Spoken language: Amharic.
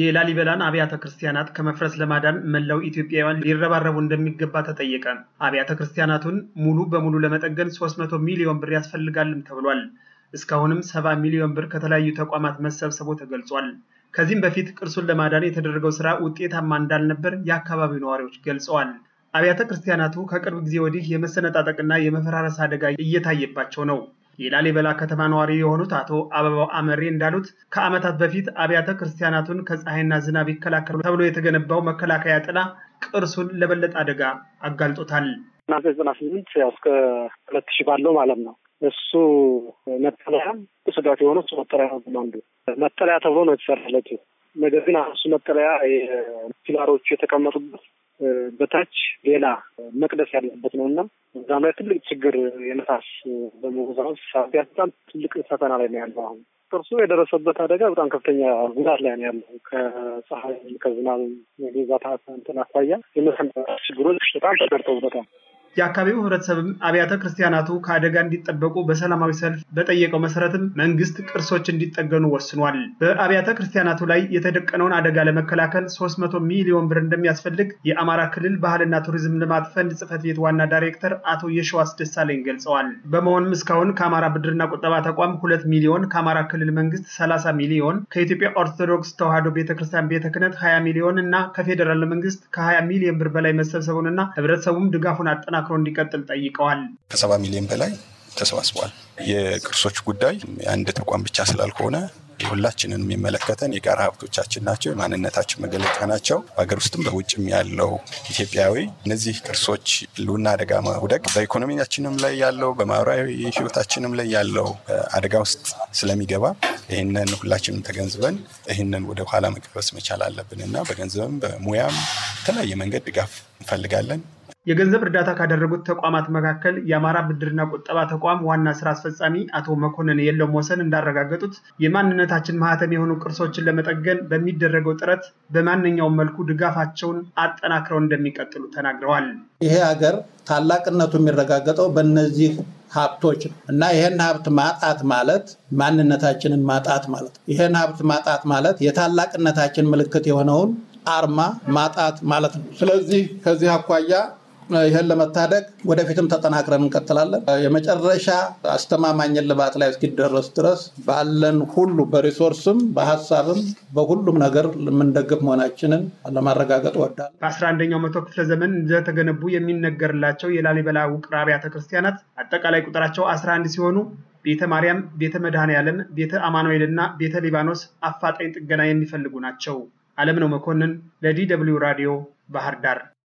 የላሊበላን አብያተ ክርስቲያናት ከመፍረስ ለማዳን መላው ኢትዮጵያውያን ሊረባረቡ እንደሚገባ ተጠየቀ። አብያተ ክርስቲያናቱን ሙሉ በሙሉ ለመጠገን 300 ሚሊዮን ብር ያስፈልጋልም ተብሏል። እስካሁንም 70 ሚሊዮን ብር ከተለያዩ ተቋማት መሰብሰቡ ተገልጿል። ከዚህም በፊት ቅርሱን ለማዳን የተደረገው ስራ ውጤታማ እንዳልነበር የአካባቢው ነዋሪዎች ገልጸዋል። አብያተ ክርስቲያናቱ ከቅርብ ጊዜ ወዲህ የመሰነጣጠቅና የመፈራረስ አደጋ እየታየባቸው ነው። የላሊበላ ከተማ ነዋሪ የሆኑት አቶ አበባው አመሬ እንዳሉት ከዓመታት በፊት አብያተ ክርስቲያናቱን ከፀሐይና ዝናብ ይከላከሉ ተብሎ የተገነባው መከላከያ ጥላ ቅርሱን ለበለጠ አደጋ አጋልጦታል። ናዘ ዘጠና ስምንት እስከ ሁለት ሺህ ባለው ማለት ነው። እሱ መጠለያም ስጋት የሆነ እሱ መጠለያ ነው። አንዱ መጠለያ ተብሎ ነው የተሰራለት። ነገር ግን እሱ መጠለያ ፒላሮቹ የተቀመጡበት በታች ሌላ መቅደስ ያለበት ነው እና እዛም ላይ ትልቅ ችግር የነፋስ በመዛዝ ሳቢያ በጣም ትልቅ ፈተና ላይ ነው ያለው። አሁን እርሱ የደረሰበት አደጋ በጣም ከፍተኛ ጉዳት ላይ ነው ያለው። ከፀሐይ ከዝናብ የዛታ ንትን አሳያ የመሰ ችግሮች በጣም ተገርተውበታል። የአካባቢው ህብረተሰብም አብያተ ክርስቲያናቱ ከአደጋ እንዲጠበቁ በሰላማዊ ሰልፍ በጠየቀው መሰረትም መንግስት ቅርሶች እንዲጠገኑ ወስኗል። በአብያተ ክርስቲያናቱ ላይ የተደቀነውን አደጋ ለመከላከል 300 ሚሊዮን ብር እንደሚያስፈልግ የአማራ ክልል ባህልና ቱሪዝም ልማት ፈንድ ጽህፈት ቤት ዋና ዳይሬክተር አቶ የሸዋስ ደሳለኝ ገልጸዋል። በመሆኑም እስካሁን ከአማራ ብድርና ቁጠባ ተቋም 2 ሚሊዮን፣ ከአማራ ክልል መንግስት 30 ሚሊዮን፣ ከኢትዮጵያ ኦርቶዶክስ ተዋሕዶ ቤተክርስቲያን ቤተ ክህነት 20 ሚሊዮን እና ከፌዴራል መንግስት ከ20 ሚሊዮን ብር በላይ መሰብሰቡንና ህብረተሰቡም ድጋፉን አጠና ተጠናክሮ እንዲቀጥል ጠይቀዋል። ከሰባ ሚሊዮን በላይ ተሰባስቧል። የቅርሶች ጉዳይ የአንድ ተቋም ብቻ ስላልሆነ ሁላችንን የሚመለከተን የጋራ ሀብቶቻችን ናቸው። የማንነታችን መገለጫ ናቸው። በሀገር ውስጥም በውጭም ያለው ኢትዮጵያዊ እነዚህ ቅርሶች ሕልውና አደጋ መውደቅ በኢኮኖሚያችንም ላይ ያለው በማህበራዊ ሕይወታችንም ላይ ያለው አደጋ ውስጥ ስለሚገባ ይህንን ሁላችንም ተገንዝበን ይህንን ወደ ኋላ መቀበስ መቻል አለብን እና በገንዘብም በሙያም የተለያየ መንገድ ድጋፍ እንፈልጋለን። የገንዘብ እርዳታ ካደረጉት ተቋማት መካከል የአማራ ብድርና ቁጠባ ተቋም ዋና ስራ አስፈጻሚ አቶ መኮንን የለም ወሰን እንዳረጋገጡት የማንነታችን ማህተም የሆኑ ቅርሶችን ለመጠገን በሚደረገው ጥረት በማንኛውም መልኩ ድጋፋቸውን አጠናክረው እንደሚቀጥሉ ተናግረዋል። ይሄ ሀገር ታላቅነቱ የሚረጋገጠው በእነዚህ ሀብቶች ነው። እና ይህን ሀብት ማጣት ማለት ማንነታችንን ማጣት ማለት ይህን ሀብት ማጣት ማለት የታላቅነታችን ምልክት የሆነውን አርማ ማጣት ማለት ነው። ስለዚህ ከዚህ አኳያ ይህን ለመታደግ ወደፊትም ተጠናክረን እንቀጥላለን። የመጨረሻ አስተማማኝ ልባት ላይ እስኪደረስ ድረስ ባለን ሁሉ በሪሶርስም በሀሳብም በሁሉም ነገር የምንደግፍ መሆናችንን ለማረጋገጥ እወዳለሁ። 1 1ኛው መቶ ክፍለ ዘመን እንደተገነቡ የሚነገርላቸው የላሊበላ ውቅር አብያተ ክርስቲያናት አጠቃላይ ቁጥራቸው 11 ሲሆኑ ቤተ ማርያም፣ ቤተ መድኃኔ ዓለም፣ ቤተ አማኑኤል እና ቤተ ሊባኖስ አፋጣኝ ጥገና የሚፈልጉ ናቸው። አለም ነው መኮንን ለዲ ደብልዩ ራዲዮ ባህር ዳር